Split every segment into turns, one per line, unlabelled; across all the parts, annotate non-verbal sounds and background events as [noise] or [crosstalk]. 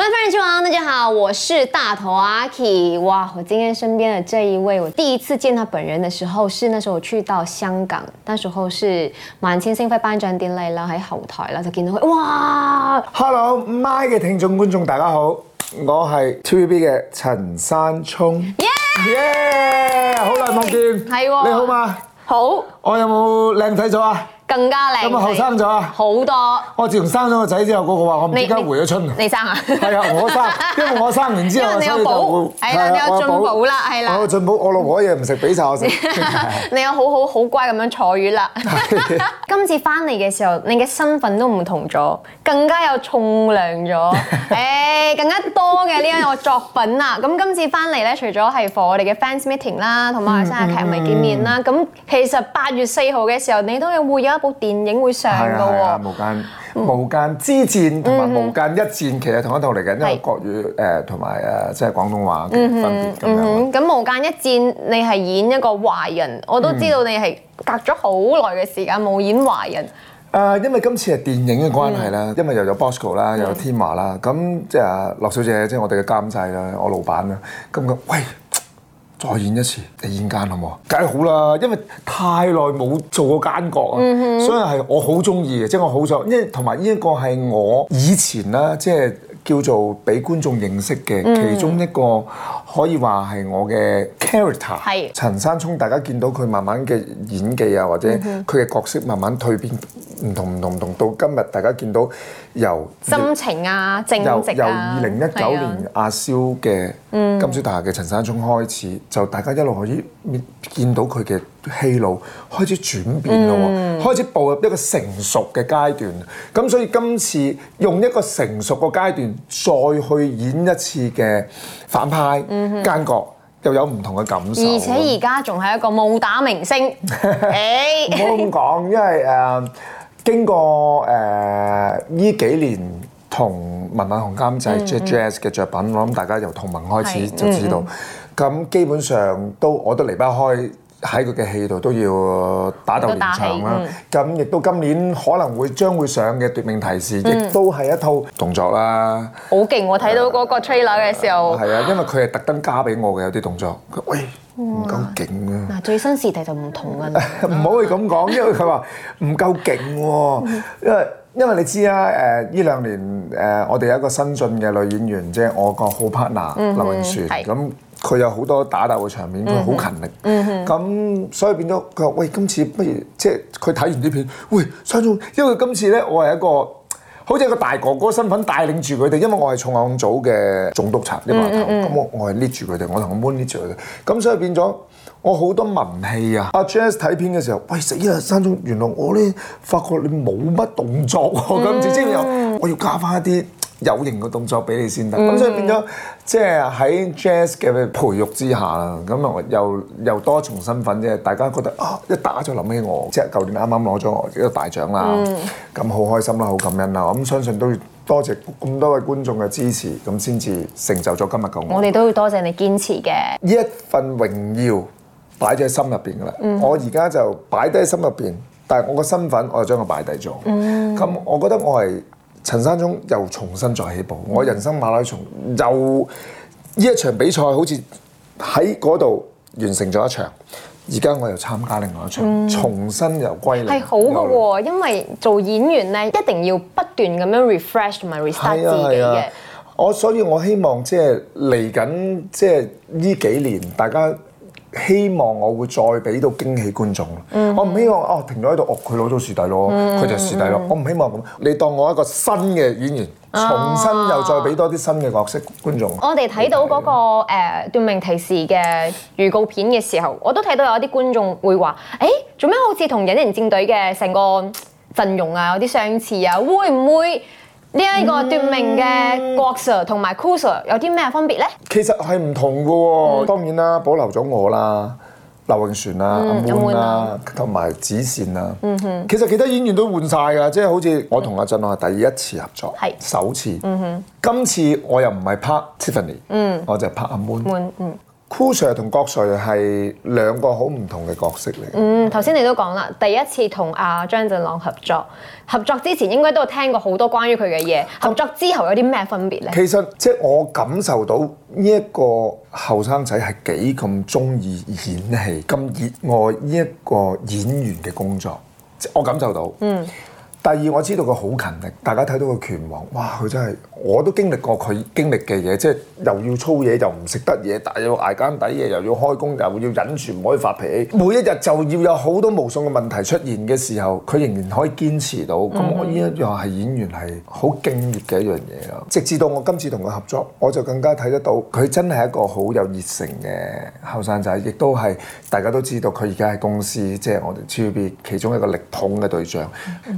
Hello, my Friends 大家好，我是大頭阿 Key 哇，我今天身邊的這一位，我第一次見他本人的時候，是那時候我去到香港，那時候是萬千星輝頒獎典禮啦，喺後台啦就見到佢。哇
，Hello，My 嘅 My 聽眾，聽眾觀眾大家好，我係 TVB 嘅陳山聰 Yeah Yeah! Yeah! 好耐冇見，Yeah! 哦，你好嘛？好，我有冇靚仔咗啊？
更加靚，咁啊後生咗好多，
我自從生咗個仔之後，個個話我唔知，而家回咗春，你生啊？係啊，我生，因為我生完之後，你有補，係啦，你有進補啦，係啦，我進補，我老婆嘢唔食，俾晒我先！
你有好好好乖咁樣坐月啦。今次翻嚟嘅時候，你嘅身份都唔同咗，更加有重量咗，誒，更加多嘅呢一個作品啊！咁今次翻嚟咧，除咗係 for 我哋嘅 fans meeting 啦，同埋我哋生日劇咪見面啦。咁其實八月四號嘅時候，你都係會有部電影會上到喎。哦，
無間無間之戰同埋、嗯、無間一戰、嗯、其實同一套嚟嘅。是因為國語誒同埋誒即係廣東話嘅分別。
咁、嗯嗯嗯、無間一戰你係演一個壞人，我都知道你係隔咗好耐嘅時間冇、嗯、演壞人。誒、
啊，因為今次係電影嘅關係啦，嗯、因為又有 Bosco 啦，又有天馬啦，咁即係樂小姐即係、就是、我哋嘅監製啦，我老闆啦，咁嘅喂。再演一次，你演奸好冇？梗係好啦，因為太耐冇做過奸角啊，mm hmm. 所以係我好中意嘅，即係我好想，因為同埋呢一個係我以前啦，即係叫做俾觀眾認識嘅、mm hmm. 其中一個，可以話係我嘅 character、mm。係、hmm. 陳山聰，大家見到佢慢慢嘅演技啊，或者佢嘅角色慢慢蛻變，唔同唔同唔同，到今日大家見到。由心
情啊，正直啊，由二零一九年
阿蕭嘅金紫大廈嘅陳山聰開始，嗯、就大家一路可以見到佢嘅戲路開始轉變咯，嗯、開始步入一個成熟嘅階段。咁所以今次用一個成熟嘅階段再去演一次嘅反派奸、嗯、哼角，又有唔同嘅感受。而且而
家仲係一個武打明星，唔好咁
講，因為誒。Uh, 經過誒呢幾年同文偉鴻監製 Jazz 嘅作品，我諗大家由《同盟》開始就知道，咁基本上都我都離不開喺佢嘅戲度都要打鬥場啦。咁亦都今年可能會將會上嘅《奪命提示》亦都係一套動作啦。
好勁喎！睇到嗰個 trailer 嘅時候，係啊，
因為佢係特登加俾我嘅有啲動作。喂！唔哇夠勁啊！嗱，
最新時代就唔同啊。
唔好去咁講，因為佢話唔夠勁喎， [laughs] 因為因為你知啊，誒、呃、呢兩年誒、呃、我哋有一個新進嘅女演員，即、就、係、是、我個好 partner [laughs] 劉穎鏇，咁佢是、嗯、有好多打鬥嘅場面，佢好勤力，咁 [laughs] [laughs] 所以變咗佢話喂，今次不如即係佢睇完啲片，喂相中，因為今次呢，我係一個。好似一個大哥哥身份帶領住佢哋，因為我係重案組嘅總督察呢，話頭，咁、嗯嗯、我我係捏住佢哋，我同阿 Moon 捏住佢哋，咁所以變咗我好多文氣啊！阿 Jazz 睇片嘅時候，喂死啦，山中原來我咧發覺你冇乜動作喎、啊，咁直接又我要加返一啲。有型嘅動作俾你先得，咁、嗯、所以變咗即係、就、喺、是、Jazz 嘅培育之下啦，咁又又又多重身份即啫。大家覺得啊，一打就諗起我，即係舊年啱啱攞咗我一個大獎啦，咁好開心啦，好感恩啦。咁相信都要多謝咁多位觀眾嘅支持，咁先至成就咗今日嘅我。我
哋都要多謝你堅持嘅。呢
一份榮耀擺咗喺心入邊㗎啦，嗯、我而家就擺低喺心入邊，但係我個身份我就將佢擺低咗。咁、嗯、我覺得我係。陳山聰又重新再起步，我人生馬拉松又呢一場比賽好似喺嗰度完成咗一場，而家我又參加另外一場，嗯、重新又歸嚟。係好嘅喎、
啊，又因為做演員咧，一定要不斷咁樣 refresh 同埋 restart 自己嘅。
我所以我希望即係嚟緊即係呢幾年大家。希望我會再俾到驚喜觀眾。Mm hmm. 我唔希望哦停咗喺度哦，佢攞咗視帝咯，佢、哦 mm hmm. 就視帝咯。Mm hmm. 我唔希望咁。你當我一個新嘅演員，重新又再俾多啲新嘅角色觀眾。Mm hmm.
我哋睇到嗰、那個誒《奪命、嗯呃、提示》嘅預告片嘅時候，我都睇到有啲觀眾會話：誒做咩好似同《隱形戰隊》嘅成個陣容啊，有啲相似啊？會唔會？呢一個奪命嘅郭 Sir 同埋 Cruiser 有啲咩分別咧？
其實係唔同嘅喎，嗯、當然啦，保留咗我啦，劉穎璇啦，阿、嗯、moon 啦、嗯，同埋子善啦。
嗯
哼，其實其他演員都換晒㗎，即係好似我同阿振朗係第一次合作，係、嗯、是首次。嗯哼，今次我又唔係拍 Tiffany，嗯，我就係拍阿 moon。嗯嗯。Koo Sir 同郭穗係兩個好唔同嘅角色嚟。嗯，
頭先你都講啦，第一次同阿張振朗合作，合作之前應該都有聽過好多關於佢嘅嘢，合作之後有啲咩分別呢？其
實即係我感受到呢一個後生仔係幾咁中意演戲，咁熱愛呢一個演員嘅工作，我感受到。嗯。第二，我知道佢好勤力，大家睇到佢拳王，哇佢真係，我都經歷過佢經歷嘅嘢，即係又要操嘢又唔食得嘢，但又要捱更抵夜，又要開工，又要忍住唔可以發脾氣，每一日就要有好多無數嘅問題出現嘅時候，佢仍然可以堅持到。咁、嗯、哼我呢一,一樣係演員係好敬業嘅一樣嘢咯。直至到我今次同佢合作，我就更加睇得到佢真係一個好有熱誠嘅後生仔，亦都係大家都知道佢而家喺公司，即、就、係、是、我哋 TVB 其中一個力捧嘅對象，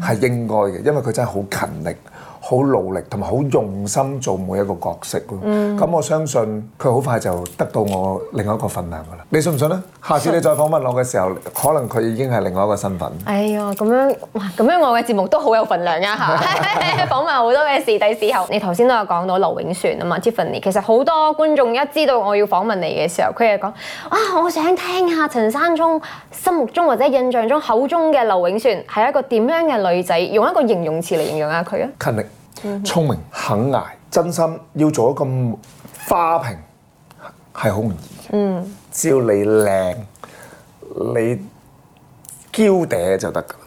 係、嗯、應。應該嘅，因為佢真係好勤力。好努力同埋好用心做每一個角色咯，咁、嗯、我相信佢好快就得到我另外一個份量噶啦。你信唔信呢？下次你再訪問我嘅時候，信可能佢已經係另外一個身份。
哎呀，咁樣哇，咁樣我嘅節目都好有份量啊！ [laughs] [laughs] 訪問好多嘅事，第時候你頭先都有講到劉永璇啊嘛，Tiffany，其實好多觀眾一知道我要訪問你嘅時候，佢係講啊，我想聽下陳山聰心目中或者印象中口中嘅劉永璇係一個點樣嘅女仔？用一個形容詞嚟形容下佢啊！
勤力。聰、mm hmm. 明肯挨，真心要做一個花瓶係好唔容易嘅。嗯、mm，hmm. 只要你靚，你嬌嗲就得噶啦。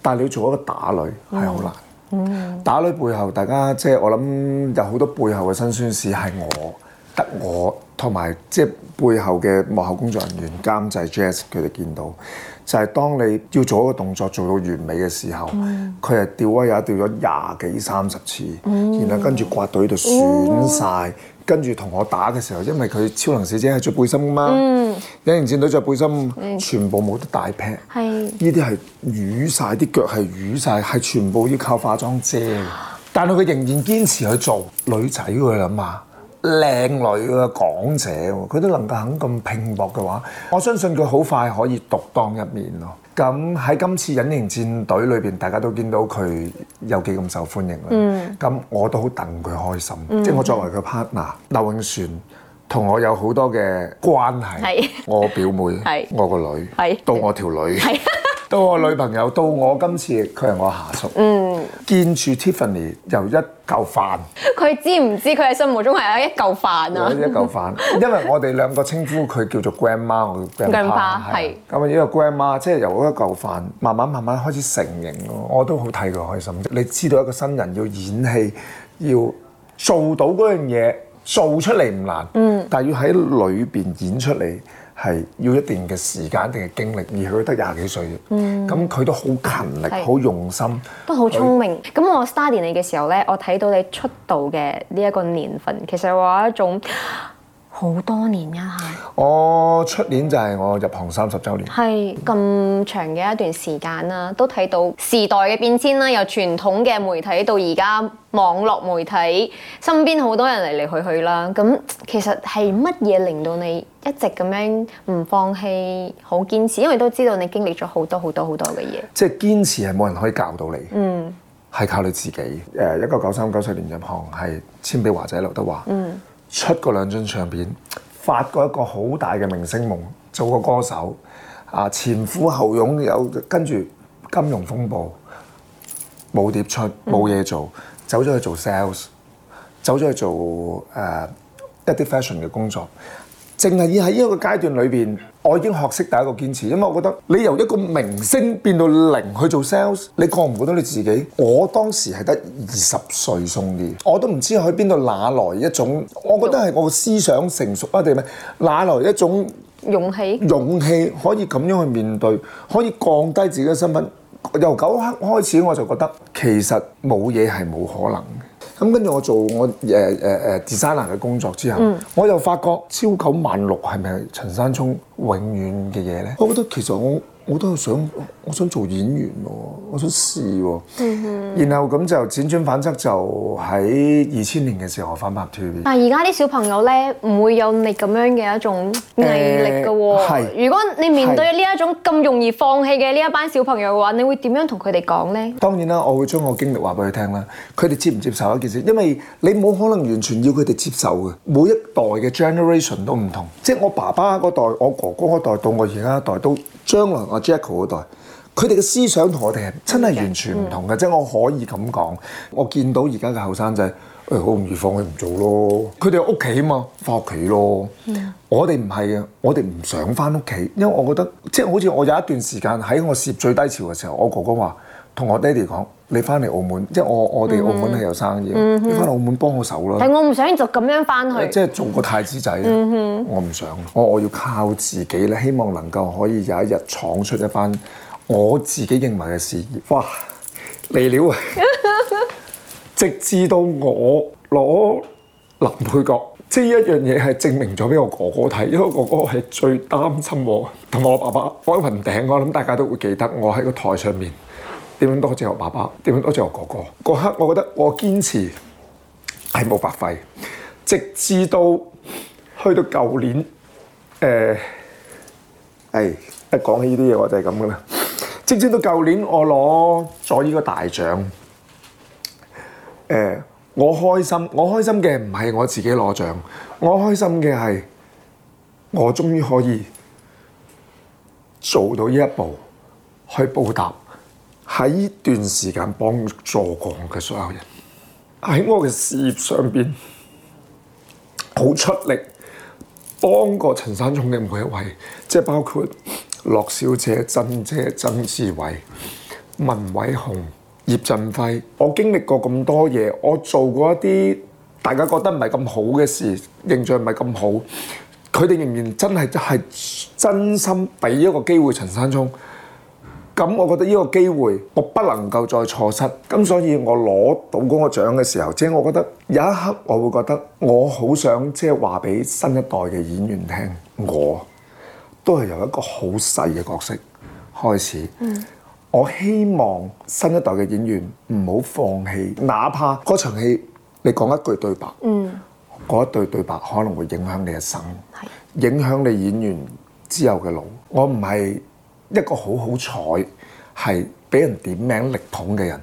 但係你要做一個打女係好難。Mm hmm. 打女背後大家即係我諗有好多背後嘅辛酸史係我得我同埋即係背後嘅幕後工作人員監製 Jazz 佢哋見到。就係當你要做一個動作做到完美嘅時候，佢係吊威吔吊咗廿幾三十次，嗯、然後跟住刮到呢度損晒。嗯嗯、跟住同我打嘅時候，因為佢超能使者係着背心㗎嘛，影、嗯、人戰隊着背心，嗯、全部冇得大劈，
呢
啲係瘀晒，啲腳係瘀晒，係全部要靠化妝遮，但係佢仍然堅持去做，女仔佢諗下。想想想一想一想靚女嘅港姐喎，佢都能夠肯咁拼搏嘅話，我相信佢好快可以獨當一面咯。咁喺今次隱形戰隊裏邊，大家都見到佢有幾咁受歡迎啦。咁我都好戥佢開心，即係我作為佢 partner，劉穎鏇同我有好多嘅關係，我表妹，我個女，到我條女。到我女朋友，嗯、到我今次佢係我下屬。嗯，見住 Tiffany 由一嚿飯，
佢知唔知佢喺心目中係有一嚿飯啊？我一嚿
飯， [laughs] 因為我哋兩個稱呼佢叫做 grandma，我 Grandma，係。咁啊，呢個 grandma 即係由一嚿飯慢慢慢慢開始成形咯。我都好睇佢開心。你知道一個新人要演戲，要做到嗰樣嘢，做出嚟唔難。嗯，但要喺裏邊演出嚟。係要一定嘅時間，一定嘅經歷，而佢都得廿幾歲，咁佢、嗯、都好勤力、好的用心，
都好聰明。咁他我 study 你嘅時候呢，我睇到你出道嘅呢一個年份，其實話一種
好多年一、啊、下。Oh, 我出年就係我入行三十周年，
係咁長嘅一段時間啦，都睇到時代嘅變遷啦，由傳統嘅媒體到而家網絡媒體，身邊好多人嚟嚟去去啦。咁其實係乜嘢令到你一直咁樣唔放棄、好堅持？因為都知道你經歷咗好多好多好多嘅嘢，
即係堅持係冇人可以教到你，嗯，係靠你自己。誒、呃，一九九三九四年入行係簽俾華仔劉德華，嗯，出過兩張唱片。發過一個好大嘅明星夢，做個歌手，啊，前呼後擁，有跟住金融風暴，冇碟出，冇嘢做，嗯、走咗去做 sales，走咗去做誒、呃、一啲 fashion 嘅工作，淨係要喺呢一個階段裏邊，我已經學識第一個堅持，因為我覺得你由一個明星變到零去做 sales，你過唔過到你自己？我當時係得二十歲送啲，我都唔知喺邊度哪來一種，我覺得係我思想成熟啊定咩？哪來一種勇氣？勇氣可以咁樣去面對，可以降低自己嘅身份。由九刻開始，我就覺得其實冇嘢係冇可能。咁跟住我做我誒誒誒 designer 嘅工作之後，嗯、我又發覺朝九晚六係咪陳山聰永遠嘅嘢咧？我覺得其實我。我都係想，我想做演員喎，我想試
喎。嗯、哼
然後咁就輾轉反側，就喺二千年嘅時候我翻拍 TVB。但係而
家啲小朋友咧，唔會有你咁樣嘅一種毅力嘅喎、哦。欸、如果你面對呢一種咁容易放棄嘅呢一班小朋友嘅話，是你會點樣同佢哋講咧？
當然啦，我會將我經歷話俾佢聽啦。佢哋接唔接受一件事，因為你冇可能完全要佢哋接受嘅。每一代嘅 generation 都唔同，即係我爸爸嗰代、我哥哥嗰代到我而家一代都。將來阿 Jaco 嗰代，佢哋嘅思想同我哋係真係完全唔同嘅，即係、嗯、我可以咁講，我見到而、哎、家嘅後生仔，佢好唔愉快，佢唔做咯，佢哋屋企啊嘛，返屋企咯。我哋唔係嘅，我哋唔想返屋企，因為我覺得即係、就是、好似我有一段時間喺我蝕最低潮嘅時候，我哥哥話同我爹哋講。你翻嚟澳門，即係我我哋澳門係有生意，mm hmm. 你翻嚟澳門幫我手咯。但我唔
想就咁樣翻去。即係
做個太子仔，mm hmm. 我唔想。我我要靠自己咧，希望能夠可以有一日闖出一番我自己認為嘅事業。哇！未料啊， [laughs] [laughs] 直至到我攞男配角，呢一樣嘢係證明咗俾我哥哥睇，因為哥哥係最擔心我同我爸爸。喺雲頂，我諗大家都會記得我喺個台上面。點樣多謝我爸爸？點樣多謝我哥哥？嗰刻我覺得我堅持係冇白費，直至到去到舊年，誒、呃，係一講起呢啲嘢，我就係咁噶啦。直至到舊年，我攞咗呢個大獎，誒、呃，我開心，我開心嘅唔係我自己攞獎，我開心嘅係我終於可以做到呢一步去報答喺呢段時間幫助過我嘅所有人，喺我嘅事業上邊好出力，幫過陳山聰嘅每一位，即係包括樂小姐、曾姐、曾志偉、文偉雄、葉振輝。我經歷過咁多嘢，我做過一啲大家覺得唔係咁好嘅事，形象唔係咁好，佢哋仍然真係係真心俾一個機會陳山聰。咁我覺得呢個機會，我不能夠再錯失。咁所以，我攞到嗰個獎嘅時候，即係我覺得有一刻，我會覺得我好想即係話俾新一代嘅演員聽，我都係由一個好細嘅角色開始。嗯，我希望新一代嘅演員唔好放棄，哪怕嗰場戲你講一句對白，嗰，嗯，一對對白可能會影響你一生，係，影響你演員之後嘅路。我唔係一個好好彩係俾人點名力捧嘅人，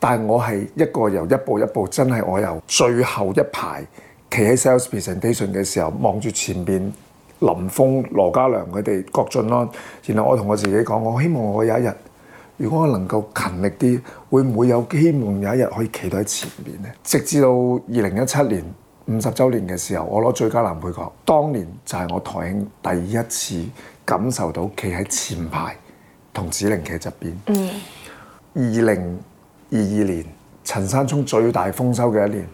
但係我係一個由一步一步真係，我由最後一排企喺 sales presentation 嘅時候望住前邊林峰、羅嘉良佢哋、郭晉安，然後我同我自己講：我希望我有一日，如果我能夠勤力啲，會唔會有希望有一日可以企到喺前面呢？直至到二零一七年。五十周年嘅時候，我攞最佳男配角。當年就係我台慶第一次感受到企喺前排同子玲企喺側邊。嗯。二零二二年，陳山聰最大豐收嘅一年，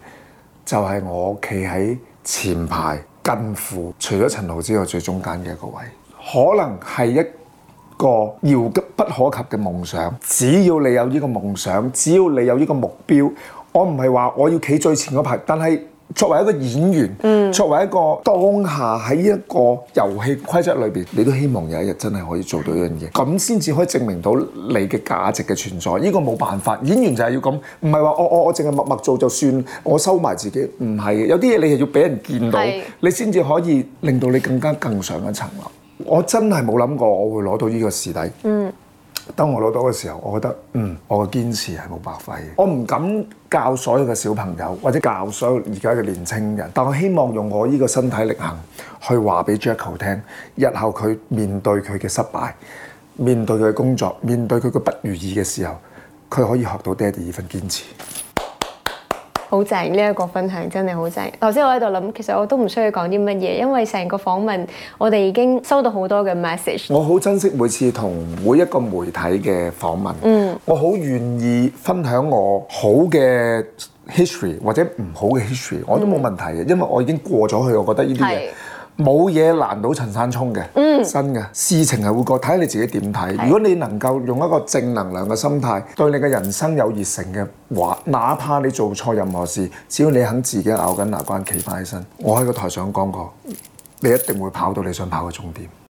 就係、是、我企喺前排，近乎除咗陳豪之外最中間嘅一個位。可能係一個遙不可及嘅夢想。只要你有呢個夢想，只要你有呢個目標，我唔係話我要企最前嗰排，但係。作為一個演員，嗯、作為一個當下喺一個遊戲規則裏邊，你都希望有一日真係可以做到一樣嘢，咁先至可以證明到你嘅價值嘅存在。呢、呢個冇辦法，演員就係要咁，唔係話我我我淨係默默做就算，我收埋自己，唔係嘅。有啲嘢你係要俾人見到，是你先至可以令到你更加更上一層樓。我真係冇諗過，我會攞到呢個視帝。嗯。當我老到嘅時候，我覺得嗯，我嘅堅持係冇白費。我唔敢教所有嘅小朋友，或者教所有而家嘅年青人，但我希望用我呢個身體力行去話俾 Jackal 聽，日後佢面對佢嘅失敗，面對佢嘅工作，面對佢嘅不如意嘅時候，佢可以學到爹哋依份堅持。
好正！呢一個分享真係好正。頭先我喺度諗，其實我都唔需要講啲乜嘢，因為成個訪問我哋已經收到好多嘅 message。我
好珍惜每次同每一個媒體嘅訪問。嗯，我好願意分享我好嘅 history 或者唔好嘅 history，我都冇問題嘅，嗯、因為我已經過咗去。我覺得呢啲嘢。冇嘢難倒陳山聰嘅，新嘅、嗯、事情係會過，睇下你自己點睇。的如果你能夠用一個正能量嘅心態，對你嘅人生有熱誠嘅話，哪怕你做錯任何事，只要你肯自己咬緊牙關企翻起身，我喺個台上講過，你一定會跑到你想跑嘅終點。